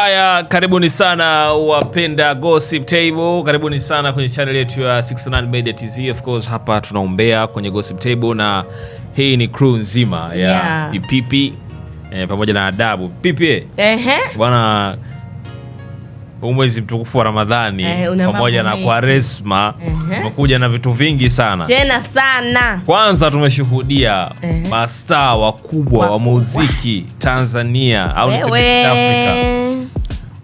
Haya, karibuni sana wapenda gossip table, karibuni sana kwenye channel yetu ya 69 Media TZ. Of course hapa tunaombea kwenye gossip table, na hii ni crew nzima ya yeah. Ipipi eh, pamoja na Adabu Pipi bwana huu mwezi mtukufu wa Ramadhani eh, pamoja na Kwaresma tumekuja na vitu vingi sana tena sana. Kwanza tumeshuhudia mastaa wakubwa wa muziki Tanzania au Afrika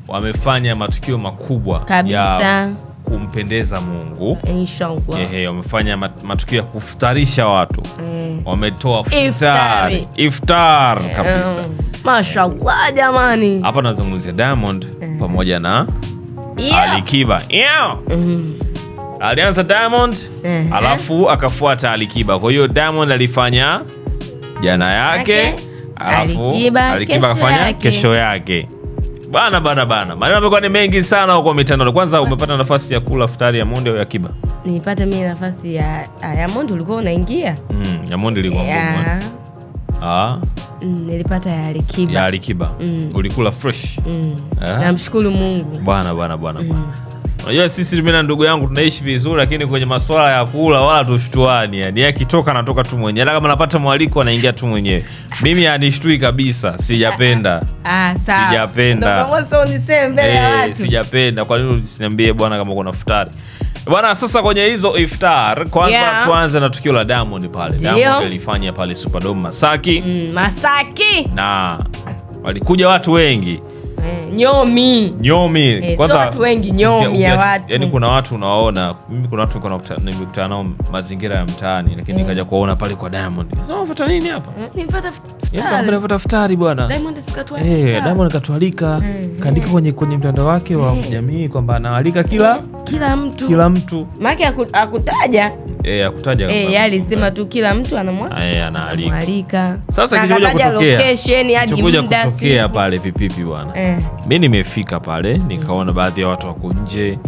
wamefanya matukio makubwa kabisa ya kumpendeza Mungu. Ehe, wamefanya matukio ya kufutarisha watu mm. Wametoa iftari iftar eh, kabisa eh. Mashallah jamani, hapa nazungumzia Diamond mm. pamoja na yeah. Alikiba yeah. mm. Alianza Diamond mm alafu akafuata Alikiba, kwa hiyo Diamond alifanya jana yake okay. Alafu Alikiba akafanya kesho yake Bana bana bana, maneno amekuwa ni mengi sana huko mitandao. Kwanza umepata nafasi ya kula futari ya mundi au ya Kiba? Nilipata mimi nafasi ya ah, ya Ulikuwa unaingia mm, ya mundi ilikuwa Ah. Mm, nilipata ya Alikiba, ya Alikiba. Mm. Ulikula fresh mm. Eh? Namshukuru Mungu bwana bwana bwana mm. Unajua sisi mimi na ndugu yangu tunaishi vizuri, lakini kwenye masuala ya kula wala tushtuani. Yani yeye akitoka anatoka tu mwenyewe, hata kama anapata mwaliko anaingia tu mwenyewe. Mimi anishtui kabisa, sijapenda. Ah, sawa, sijapenda. Ndio kama mbele ya eh, watu. sijapenda. Kwa nini usiniambie bwana kama uko na futari bwana? Sasa kwenye hizo iftar kwanza, yeah. tuanze na tukio la Diamond pale. Diamond alifanya pale Superdome Masaki, mm, Masaki na walikuja watu wengi mm nyomi nyomi eh, kwanza watu wengi nyomi ya watu yani, kuna watu unaona, mimi kuna watu nimekutana nao mazingira ya mtaani, lakini eh. nikaja eh, kuwaona pale kwa Diamond sasa, unafuta nini hapa? Eh, Nifuata yaani futari bwana, Diamond eh, Diamond katualika, eh. kaandika kwenye kwenye mtandao wake wa jamii kwamba anawalika kila kila mtu kila mtu, maana akutaja eh, akutaja eh, yeye alisema tu kila mtu anamwalika. Sasa kitu kutokea location hadi muda, kutokea pale vipipi bwana eh mi nimefika pale nikaona baadhi ya watu wako nje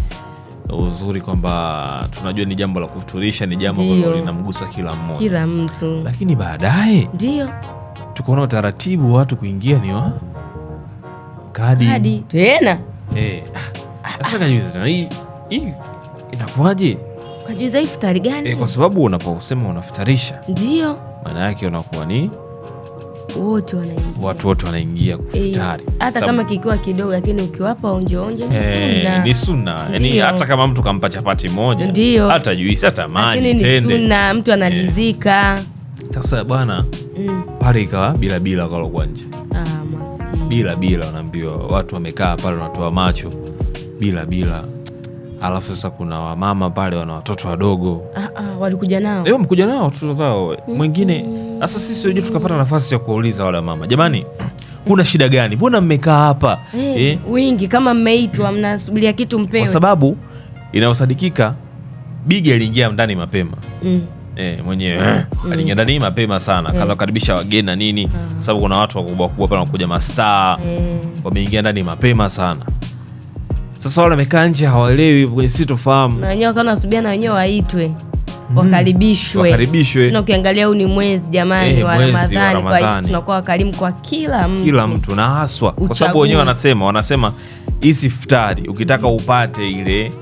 uzuri kwamba tunajua ni jambo la kuturisha ni jambo ambalo linamgusa kila mmoja kila mtu lakini baadaye ndio tukaona utaratibu watu kuingia ni wa kadi kadi tena eh inakuwaje kajuiza iftari gani e, kwa sababu unaposema unafutarisha ndio maana yake unakuwa ni wote wanaingia, watu wote wanaingia kufutari eh, hata kama kikiwa kidogo, lakini ukiwapa onjeonje eh, ni sunna yani hata kama mtu kampa chapati moja ndio hata juisi hata maji ni sunna, mtu analizika eh. sasa e. Bwana mm. pale ikawa bila bila kalokwa nje ah, bila bila, wanaambiwa watu wamekaa pale wanatoa macho bila bila alafu sasa kuna wamama pale wana watoto wadogo, ah, ah, walikuja nao leo, mkuja nao watoto zao mwingine mm -hmm. Sasa sisi wenyewe tukapata nafasi ya kuwauliza wale mama, jamani, kuna shida gani? Mbona mmekaa hapa hey, eh, eh, wingi kama mmeitwa mnasubiria kitu mpewe? Kwa sababu inayosadikika Bigi aliingia ndani mapema mm. E, mwenyewe mm. aliingia ndani mapema sana mm. kakaribisha wageni na nini ah. kwa sababu kuna watu wakubwa wakubwa pale wanakuja mastaa wameingia ndani mapema sana. Sasa wale wamekaa nje hawaelewi, kwenye sisi tofahamu na wenyewe wakawa wanasubia na wenyewe waitwe. Mm-hmm. wakaribishwe wakaribishwe. Na ukiangalia huu ni mwezi jamani, eh, wa Ramadhani, kwa hiyo tunakuwa wakarimu kwa kila mtu, kila mtu na haswa, kwa sababu wenyewe wanasema wanasema hizi isiftari ukitaka mm. upate ile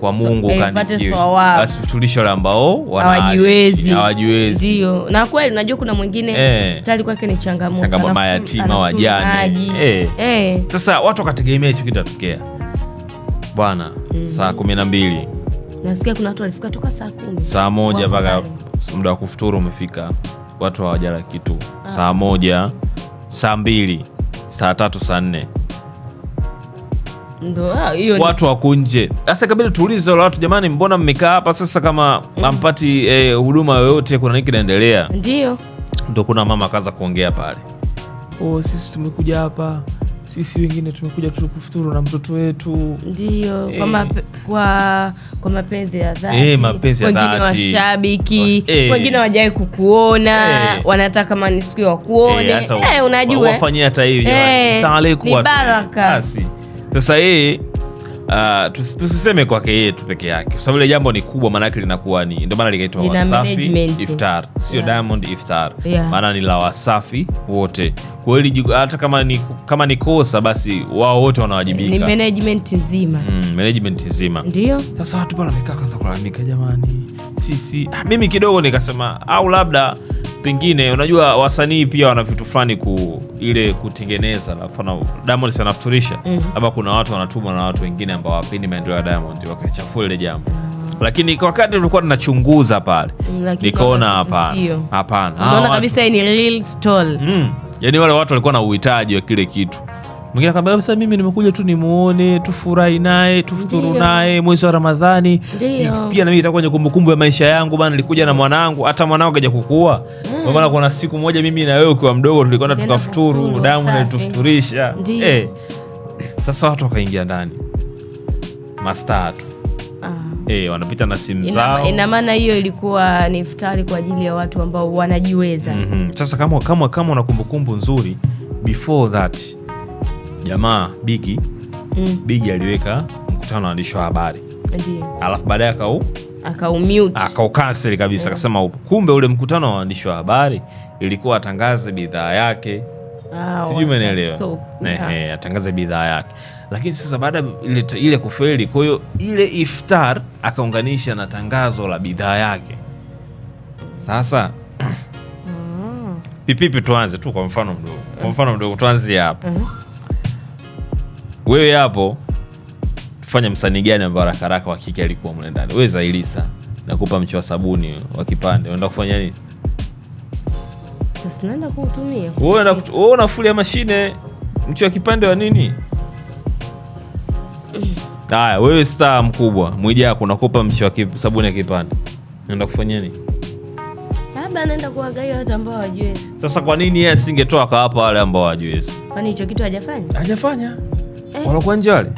kwa Mungu eh, basi tulisho la ambao hawajiwezi hawajiwezi, ndio na kweli. Unajua kuna mwingine eh, futari kwake ni changamoto, changamoto mayatima, wajane eh. Eh. Sasa watu wakategemea hicho kitu kitatokea bwana mm. saa kumi na mbili nasikia kuna watu walifika toka saa kumi saa moja mpaka muda wa kufuturu umefika, watu hawajala kitu ah. saa moja saa mbili saa tatu saa nne ah, watu wako nje. Sasa kabidi tuulize wale watu, jamani, mbona mmekaa hapa sasa kama mm. ampati eh, huduma yoyote? Kuna nini kinaendelea? Ndio, ndo kuna mama akaanza kuongea pale, oh, sisi tumekuja hapa sisi wengine tumekuja tu kufuturu na mtoto wetu, ndio hey. Kwa, eh. mape, kwa, kwa mapenzi ya dhati hey, eh, mapenzi ya dhati. Eh. Wengine washabiki hey. Wengine wajawahi kukuona hey. Wanataka manisikio siku wakuone hey, hey, unajua wafanyia hata hivi hey. Ni baraka basi sasa yeye uh, tusiseme kwake yeye tu peke yake, kwa sababu ile jambo ni kubwa, maanake linakuwa ni ndio maana likaitwa Wasafi Iftar, sio yeah. Diamond Iftar yeah. maana ni la Wasafi wote kwa hata kama ni, kama ni kosa basi wao wote wanawajibika, ni management nzima mm, management nzima ndio. Sasa watu pale wamekaa kwanza kulalamika, jamani, sisi ah, mimi kidogo nikasema au labda pengine unajua wasanii pia wana vitu fulani ku ile kutengeneza, mfano Diamond anafuturisha mm -hmm. Ama kuna watu wanatumwa na watu wengine ambao wapendi maendeleo ya Diamond wakachafua ile jambo lakini kwa wakati tulikuwa tunachunguza pale, mm, nikaona hapana, hapana, unaona ah, kabisa ni real stall Mm, yani wale watu walikuwa na uhitaji wa kile kitu. Mwingine akamwambia sasa, mimi nimekuja tu nimuone, tufurahi naye, tufuturu naye mwezi wa Ramadhani. Pia nami itakuwa itakuwa kumbukumbu ya maisha yangu bana, nilikuja na mwanangu, hata mwanangu kaja kukua. Kwa maana kuna siku moja mimi na wewe ukiwa mdogo tulikwenda tukafuturu, damu na tufuturisha. Eh. Sasa watu wakaingia ndani. mastatu Hey, ah. eh, wanapita na simu zao. Ina maana hiyo ilikuwa ni iftari kwa ajili ya watu ambao wanajiweza. mm -hmm. Sasa kama, kama, kama una kumbukumbu nzuri before that jamaa Bigi mm. Bigi aliweka mkutano waandishi wa habari alafu baadaye akau akaukanseli kabisa, akasema yeah. Kumbe ule mkutano wa waandishi wa habari ilikuwa atangaze bidhaa yake ah, sijui umenielewa so, yeah. Atangaze bidhaa yake, lakini sasa baada ya ile, ile kufeli, kwa hiyo ile iftar akaunganisha na tangazo la bidhaa yake sasa mm. Pipipi tuanze tu kwa mfano mdogo, kwa mfano mdogo tuanzie hapo mm -hmm wewe hapo fanya msanii gani ambayo rakaraka wa kike alikuwa mle ndani? we Zailisa, nakupa mchi wa sabuni wa kipande, unaenda kufanya nini? nafulia mashine mchi wa kipande wa nini? Haya, wewe sta mkubwa, Mwijaku nakupa mchi wa kip, sabuni ya kipande, naenda kufanya nini? anaenda kuwagaia watu ambao hawajiwezi. Sasa kwa nini yeye asingetoa akawapa wale ambao hawajiwezi? Kwani hicho kitu hajafanya? Hajafanya wanakuwa eh? nje wale.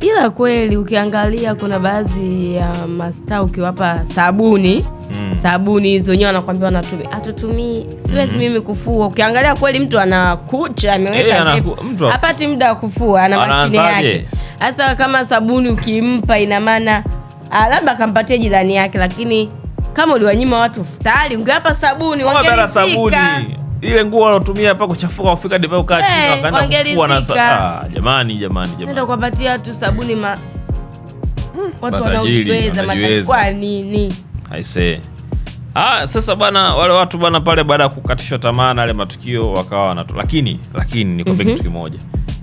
Ila kweli ukiangalia kuna baadhi ya mastaa ukiwapa sabuni mm. sabuni hizo wenyewe wanakwambia wanatumia atutumii siwezi mm. mimi kufua. Ukiangalia kweli mtu anakucha ameweka hey, eh, hapati muda wa kufua, ana mashine yake. Hasa kama sabuni ukimpa, ina maana ah, labda akampatia jirani yake, lakini kama uliwanyima watu futari, ungewapa sabuni wangelifika ile nguo alotumia hapa kuchafuka kufika hadi ukaa chini hey, eh, akaenda kufua na ah, Jamani, jamani, jamani. Nenda kupatia tu sabuni ma hmm, watu wanaojiweza mataji kwa nini? I say. Ah, sasa bwana, wale watu bwana pale baada ya kukatishwa tamaa na yale matukio wakawa na lakini lakini ni nikwambie mm -hmm. kitu kimoja.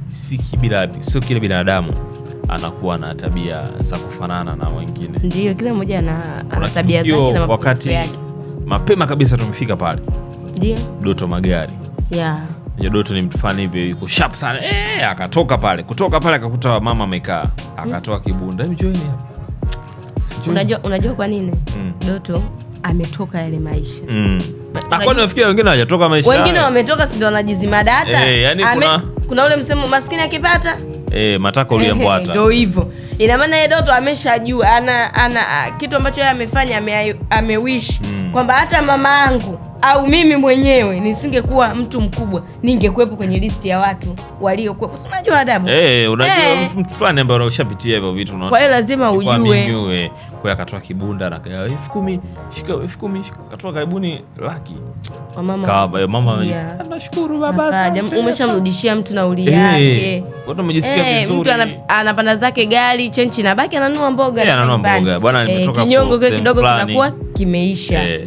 Si kibila sio kila binadamu anakuwa na tabia za kufanana na wengine. Ndio, kila mmoja ana tabia zake na mapenzi yake. mapema kabisa tumefika pale. Doto Magari. Yeah. Doto ni mtu fulani hivi yuko sharp sana. Eh, akatoka pale. Kutoka pale akakuta mama amekaa. Akatoa kibunda. Hebu join hapa. Unajua unajua kwa nini? Mm. Doto ametoka yale maisha. Mm. Kwani wengine hawajatoka maisha. Wengine wametoka si ndio wanajizima data. Eh, yani kuna kuna ule msemo maskini akipata eh, matako uliyembwata. Ndio hivyo. Ina maana yeye Doto ameshajua ana ana ah, kitu ambacho yeye amefanya ame, amewish mm. kwamba hata mama yangu au mimi mwenyewe nisingekuwa mtu mkubwa, ningekuwepo kwenye listi ya watu waliokuwepo. Si unajua adabu, eh? hey, unajua hey. Eh. Mtu fulani ambaye unashapitia hivyo vitu unaona, kwa hiyo lazima ujue. Kwa akatoa kibunda na elfu kumi shika, elfu kumi shika, akatoa karibuni laki kwa mama. Nashukuru baba, sana, umeshamrudishia mtu nauli eh, yake, watu wamejisikia hey, eh, vizuri. Mtu anapanda zake gari, chenchi na baki ananua mboga, hey, ananua mboga bwana, nimetoka kinyongo kile kidogo kinakuwa kimeisha hey.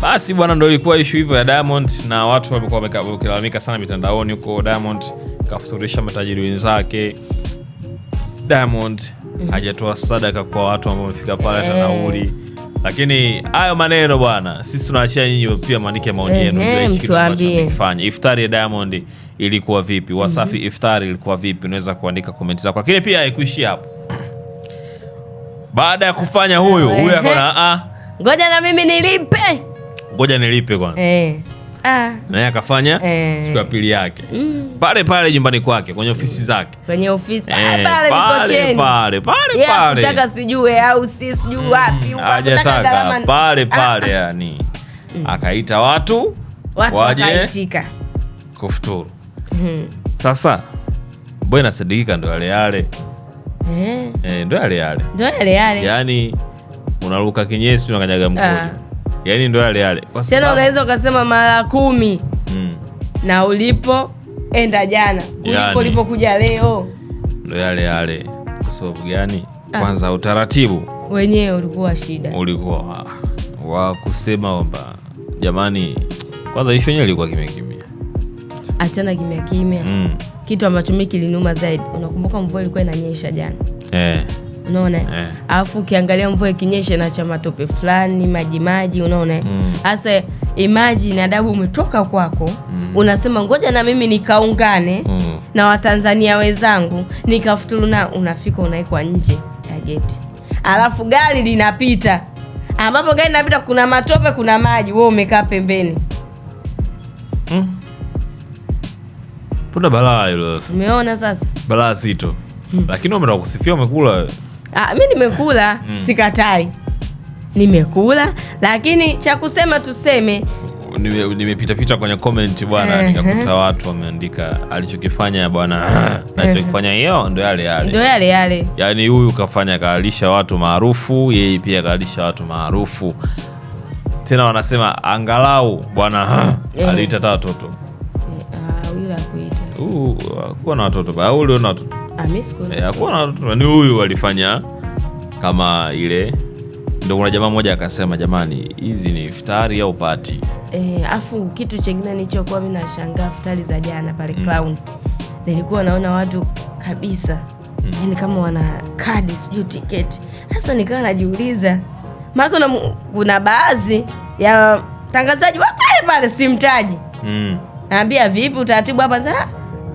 Basi bwana, ndo ilikuwa ishu hivyo ya Diamond, na watu walikuwa wakilalamika sana mitandaoni huko. Diamond kafuturisha matajiri wenzake. Diamond mm hajatoa sadaka kwa watu ambao wamefika pale hey. Eh. tanauli lakini hayo maneno bwana, sisi tunaachia nyinyi pia, maandike maoni yenu. Fanya iftari ya Diamond ilikuwa vipi? Mhm. Wasafi, mm -hmm. iftari ilikuwa vipi? Unaweza kuandika komenti zako, lakini pia haikuishia hapo. Baada ya kufanya huyu huyu akona, ah. ngoja na mimi nilipe ngoja nilipe kwanza eh. Ah. Naye akafanya eh. siku ya pili yake mm. pale pale nyumbani kwake kwenye ofisi zake kwenye ofisi eh, pale pale pale pale nataka sijue au si sijui wapi mm, hajataka pale ah. pale yani mm. akaita watu watu waje kufuturu mm. Sasa boy nasadikika ndo yale yale eh. Eh, ndo yale yale ndo yale yale yani unaruka kinyesi unakanyaga mkojo ah yani ndo yale yale tena, yaani unaweza ukasema mara kumi mm. na ulipoenda jana kuliko yaani- ulipokuja leo ndo yale yale. Kwa sababu gani? Ah. Kwanza utaratibu wenyewe ulikuwa shida, ulikuwa wa kusema kwamba jamani, kwanza ishu yenyewe ilikuwa kimya kimya, achana kimya kimya mm. kitu ambacho mi kilinuma zaidi, unakumbuka mvua ilikuwa inanyesha jana eh unaona eh. Alafu ukiangalia mvua ikinyesha na cha matope fulani maji maji, unaona mm. hasa mm. Imagine adabu umetoka kwako mm. Unasema ngoja na mimi nikaungane mm. na Watanzania wenzangu nikafuturu, na unafika unaekwa nje ya geti, alafu gari linapita, ambapo gari linapita kuna matope kuna maji, wewe umekaa pembeni mm. Puta balaa hilo sasa. Umeona sasa balaa zito Hmm. Lakini umetaka kusifia umekula Ah, mi nimekula mm. Sikatai, nimekula lakini cha kusema tuseme nimepitapita nime kwenye comment bwana, eh, nikakuta eh. watu wameandika alichokifanya bwana nachokifanya eh. hiyo ndo yale yale ndo yale yale, yani huyu kafanya kaalisha watu maarufu, yeye pia kaalisha watu maarufu tena, wanasema angalau bwana aliita taa watoto ah, kuwa na watoto bauli na watoto Ah, eh, ni huyu alifanya kama ile ndo kuna jamaa mmoja akasema, jamani, hizi ni iftari au pati? E, eh, kitu chengine nilichokuwa mi nashangaa iftari za jana pale mm. Clown nilikuwa naona watu kabisa mm. yani kama wana kadi sijui tiketi. hasa nikawa najiuliza, maana kuna baadhi ya mtangazaji wa pale pale simtaji mm. naambia vipi utaratibu hapa, ah,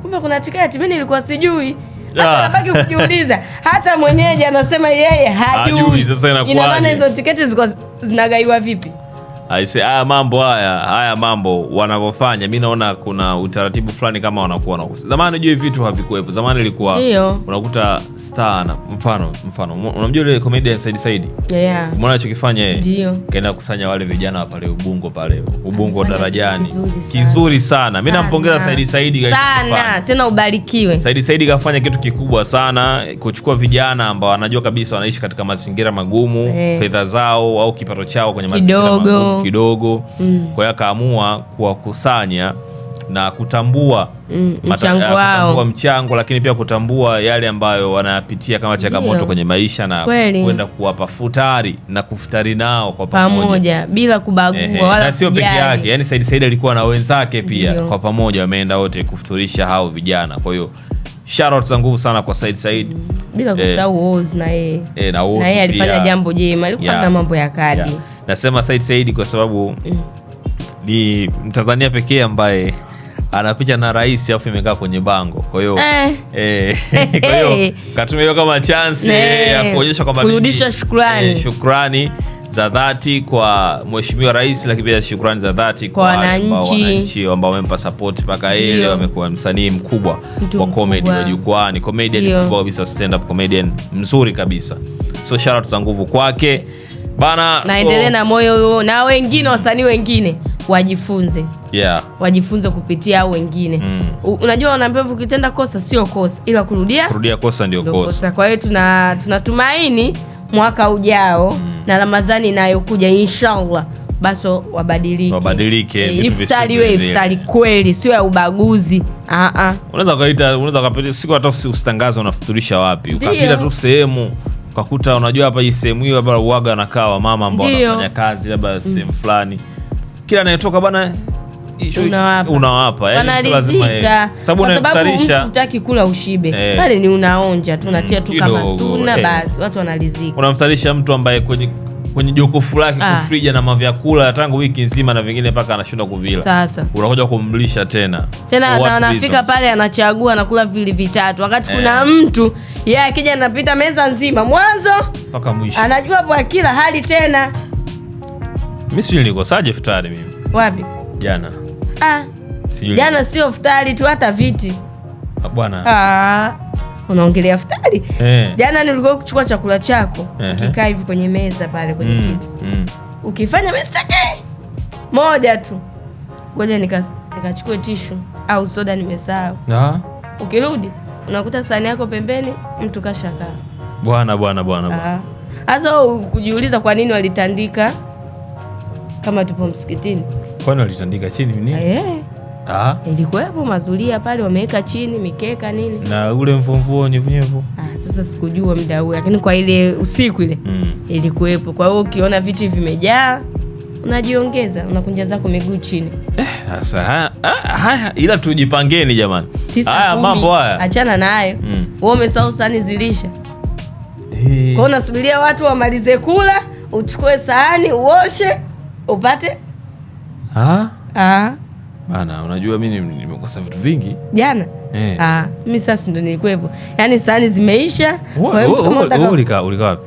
kumbe kuna tiketi, mi nilikuwa sijui Unabaki ah. kujiuliza hata mwenyeji anasema yeye hajui. Ina maana hizo tiketi zilikuwa zinagaiwa vipi? aise, haya mambo haya haya mambo wanavyofanya, mi naona kuna utaratibu fulani kama wanakuwa na zamani. Unajua vitu havikuwepo zamani, ilikuwa unakuta star na mfano mfano, unamjua ile comedian Said Said, yeah, umeona alichokifanya yeye, kaenda kusanya wale vijana pale Ubungo pale Ubungo darajani, kizuri sana, kizuri sana. mi nampongeza Said Said sana, tena ubarikiwe. Said Said kafanya kitu kikubwa sana, kuchukua vijana ambao wanajua kabisa wanaishi katika mazingira magumu, hey, eh. fedha zao au kipato chao kwenye mazingira magumu kidogo mm. Kwa hiyo akaamua kuwakusanya na kutambua mm, mata, eh, kutambua mchango lakini pia kutambua yale ambayo wanayapitia kama changamoto kwenye maisha na kwenda kuwapa futari na kufutari nao kwa pamoja, pa bila kubagua wala sio peke yake, yani Said Said alikuwa na wenzake pia Dio. Kwa pamoja wameenda wote kufuturisha hao vijana, kwa hiyo shout za nguvu sana kwa Said Said mm, bila eh, kusahau Oz na yeye eh, na yeye alifanya jambo jema, alikuwa na mambo ya kadi yeah. Nasema Said Said kwa sababu mm. ni Mtanzania pekee ambaye ana picha na rais afu imekaa kwenye bango, kwa hiyo eh. Eh, kwa hiyo eh. katumia hiyo kama chansi ya kuonyesha kwamba kurudisha shukrani, eh, shukrani za dhati kwa mheshimiwa rais, lakini pia shukrani za dhati kwa wananchi ambao wamempa support mpaka ile wamekuwa msanii mkubwa wa comedy wa jukwaani, comedian mkubwa kabisa, stand up comedian mzuri kabisa. So shout out za nguvu kwake. Bana, naendelee na moyo huo na wengine wasanii wengine wajifunze, yeah. Wajifunze kupitia au wengine mm. Unajua, wanaambia ukitenda kosa sio kosa, ila kurudia kurudia kosa ndio kosa. Kwa hiyo tuna tunatumaini mwaka ujao mm. na Ramadhani inayokuja inshallah basi wabadilike, wabadilike e, iftari we iftari kweli, sio ya ubaguzi. Ah, ah. Unaweza ukaita, unaweza ukapitia siku hata usitangaza unafuturisha wapi, ukapita tu sehemu ukakuta unajua, hapa hii sehemu hiyo labda uwaga anakaa wamama ambao wanafanya kazi labda mm. sehemu fulani, kila anayetoka bana unawapa kula ushibe pale, eh. ni unaonja tu, unatia tu mm, kama suna, eh. basi watu wanalizika Unamftarisha mtu ambaye kwenye kwenye jokofu lake ah. kufrija na mavyakula tangu wiki nzima na vingine mpaka anashindwa kuvila. Sasa unakuja kumlisha tena tena, anafika pale anachagua anakula vili vitatu, wakati eh, kuna mtu yeye akija anapita meza nzima mwanzo mpaka mwisho, anajua kwa kila hali. Tena mimi sijui nilikosaje futari mimi wapi jana ah, jana sio futari tu, hata viti ah, bwana ah unaongelea futari eh. Jana nilikuwa kuchukua chakula chako eh. kikaa hivi kwenye meza pale kwenye mm. kiti mm. ukifanya mistake moja tu, ngoja nikachukue nika tishu au soda, nimesahau. Ukirudi unakuta sani yako pembeni, mtu kashakaa. Bwana bwana bwana, hasa kujiuliza kwa nini walitandika kama tupo msikitini, kwani walitandika chini nini? Eh. Ah. Ilikuwepo mazulia pale wameweka chini mikeka nini. Na ule mvumvuo unyevunyevu. Ah, sasa sikujua muda huo lakini kwa ile usiku ile mm. ilikuwepo. Kwa hiyo ukiona viti vimejaa unajiongeza unakunja zako miguu chini. Eh, sasa eh, haya, ila tujipangeni jamani. Haya mambo haya. Achana na Mm. Wewe umesahau sahani zilisha. Hey. Eh. Kwa unasubiria watu wamalize kula, uchukue sahani, uoshe, upate. Ah. Ah. Hapana, unajua mimi nimekosa vitu vingi jana eh. Ah, mimi sasa ndo nilikuwepo, yaani sahani zimeisha. Ulika wapi?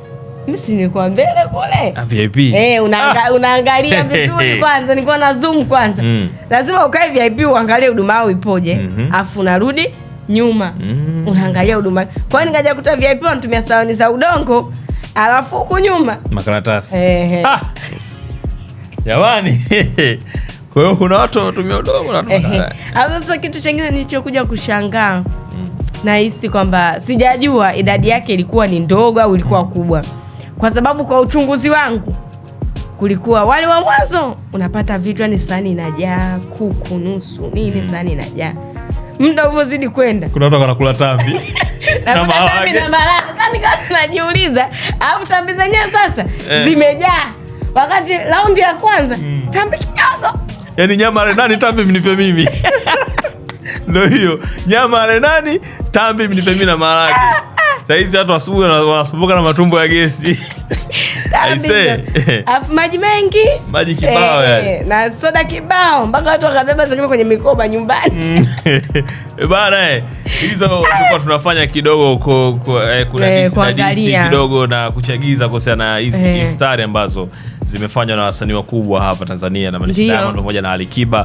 Mimi si nilikuwa mbele kule ah, VIP eh, unaanga, ah. unaangalia vizuri kwanza, nilikuwa na zoom kwanza mm. Lazima ukae VIP uangalie huduma yao ipoje mm -hmm. Afu narudi nyuma mm Unaangalia huduma, kwa nikaja kuta VIP wanatumia sahani za udongo alafu huku nyuma makaratasi eh, eh. Ah. Jamani Kwa hiyo kuna watu wanatumia udogo na sasa, kitu chengine nilichokuja kushangaa mm. nahisi kwamba sijajua idadi yake ilikuwa ni ndogo au ilikuwa mm. kubwa, kwa sababu kwa uchunguzi wangu kulikuwa wale wa mwanzo unapata vitu yani sahani inajaa kuku nusu nini, mm. sahani inajaa muda ulivyozidi kwenda, kuna watu wanakula tambi yaani Najiuliza, alafu tambi zenyewe sasa eh, zimejaa wakati raundi ya kwanza mm. tambi kidogo yani nyama Renani tambi mnipe mimi ndo hiyo nyama Renani tambi mnipe mimi na maharage. Sahizi watu asubuhi wanasumbuka na matumbo ya gesi Ah, Alafu maji mengi, maji kibao eh, na soda kibao, mpaka watu wakabeba zingine kwenye mikoba nyumbani mm. eh, bana eh, hizo tulikuwa tunafanya kidogo ku, eh, eh kidogo na kuchagiza kuhusiana na hizi e. iftari ambazo zimefanywa na wasanii wakubwa hapa Tanzania na Diamond pamoja na Alikiba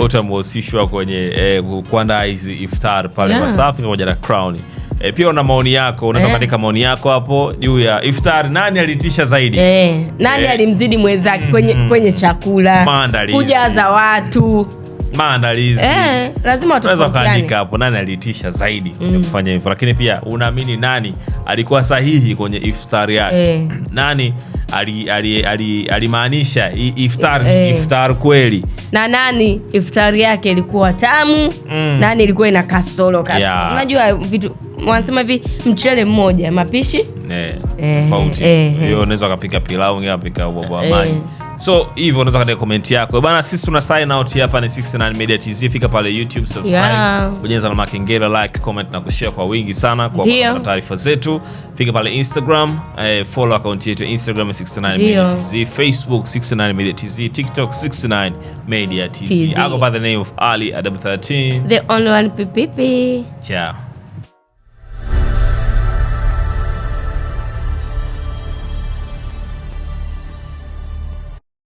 wote e. wamehusishwa kwenye eh, kuandaa hizi iftar pale Wasafi pamoja na Crown. E, pia una maoni yako unaweza eh. kuandika eh, maoni yako hapo juu ya iftar, nani alitisha zaidi eh, nani eh, alimzidi mwenzake kwenye, mm, kwenye chakula, kujaza watu maandalizi eh, lazima tunaweza kaandika hapo nani alitisha zaidi kwenye mm. kufanya hivyo, lakini pia unaamini nani alikuwa sahihi kwenye iftari yake eh. nani alimaanisha ali, ali, ali iftar eh, eh. iftar kweli na nani iftari yake ilikuwa tamu mm. nani ilikuwa ina kasoro kasoro yeah. Unajua vitu wanasema hivi, mchele mmoja mapishi eh, eh, tofauti eh. eh. hiyo unaweza ukapika pilau, ingine ukapika ubwabwa maji eh. So hivyo unaweza kaandika komenti yako bana. Sisi tuna sign out hapa, ni 69 Media TZ. Fika pale YouTube, subscribe, yeah. Bonyeza na makengele, like, comment na kushare kwa wingi sana kwa taarifa zetu. Fika pale Instagram, eh, follow account yetu Instagram 69 Media TZ, Facebook 69 Media TZ, TikTok 69 Media TZ. I go by the name of Ali Adam 13. The only one pipipi. Ciao.